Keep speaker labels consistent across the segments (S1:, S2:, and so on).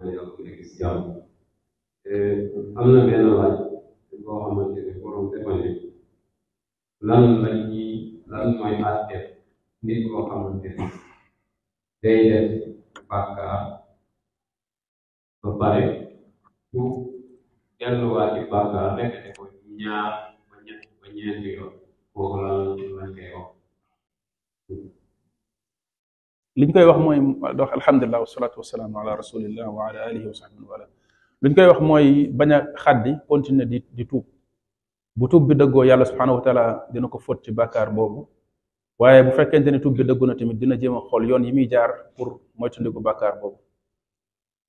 S1: Eh, am na benn laaj boo xamante ne borom dafa ne lan la ñuy lan mooy àtte nit koo xamante ne day def bàkkaar ba pare bu delluwaat ci bàkkaar rek ko ñaar ba ñett ba ñeenti liñ koy wax mooy dox alhamdulilah wasalaatu wasalaamu ala rasulillah wa ala alihi wa sahbihi wa li ñu koy wax mooy bañ a xaddi continuer di di tuub bu tuub bi dëggoo yàlla subhanahu wa taala dina ko fot ci bàkkaar boobu waaye bu fekkente ni tuub bi dëggu na tamit dina jéem a xool yoon yi muy jaar pour moytandiku bàkkaar boobu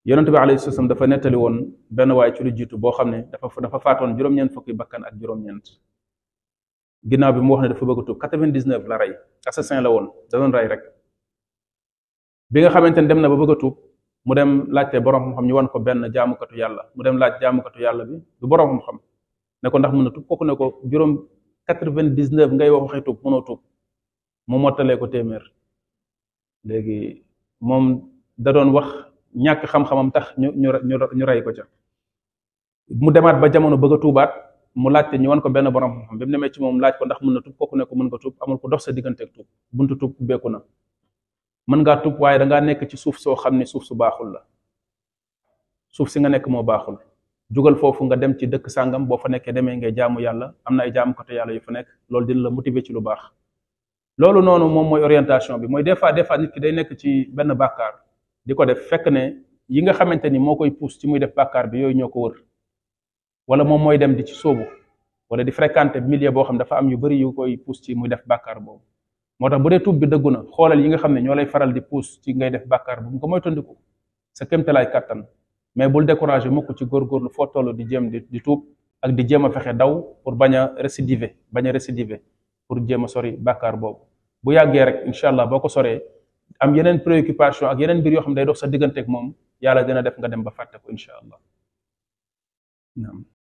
S1: yonente bi alayhi salaam dafa nettali woon benn waay ci lu jiitu boo xam ne dafa dafa faatoon juróom-ñeent fukki bakkan ak juróom-ñeent ginnaaw bi mu wax ne dafa bëgg a tuub quatre la rey assassin la woon da doon rey rek bi nga xamante ni dem na ba bëgg a tuub mu dem laajte borom xam-xam ñu wan ko benn jaamukatu yàlla mu dem laaj jaamukatu yàlla bi du borom xam-xam ne ko ndax mën a tuub ko juróom quatre-vingt-dix-neuf ngay wax waxi tuub mottalee ko téeméer léegi moom da wax ñàkk xam tax ñu ñu ñu rey ko ca mu demaat ba jamono bëgg a mu laajte ñu wan ko benn borom xam-xam bi mu moom laaj ko ndax mën na tuub kooku ne ko mën nga tuub amul ko dox sa digganteeg tuub buntu tuub ubbeeku na. mën ngaa tub waaye dangaa nekk ci suuf soo xam ne suuf su baaxul la suuf si nga nekk moo baaxul jógal foofu nga dem ci dëkk sàngam boo fa nekkee demee ngay jaamu yàlla am na ay jaamu côté yàlla yu fa nekk loolu dina la motiver ci lu baax loolu noonu moom mooy orientation bi mooy des fois des fois nit ki day nekk ci benn bàkkaar di ko def fekk ne yi nga xamante ni moo koy pousse ci muy def bàkkaar bi yooyu ñoo ko wër wala moom mooy dem di ci sóobu wala di fréquenter milieu boo xam dafa am yu bari yu koy pousse ci muy boobu moo tax bu dee tuub bi dëggu na xoolal yi nga xam ne ñoo lay faral di puus ci ngay def bàkkaar bu mu ko moytandiku sa kéemtalaay kàttan mais bul découragé mukk ci góor góorgóorlu foo toll di jéem di tuub ak di jéem a fexe daw pour bañ a récidiver bañ a récidiver pour jëm a sori bàkkaar boobu bu yàggee rek incha allah boo ko soree am yeneen préoccupation ak yeneen mbir yoo xam ne day dox sa digganteeg moom yàlla dina def nga dem ba fàtte ko incha allah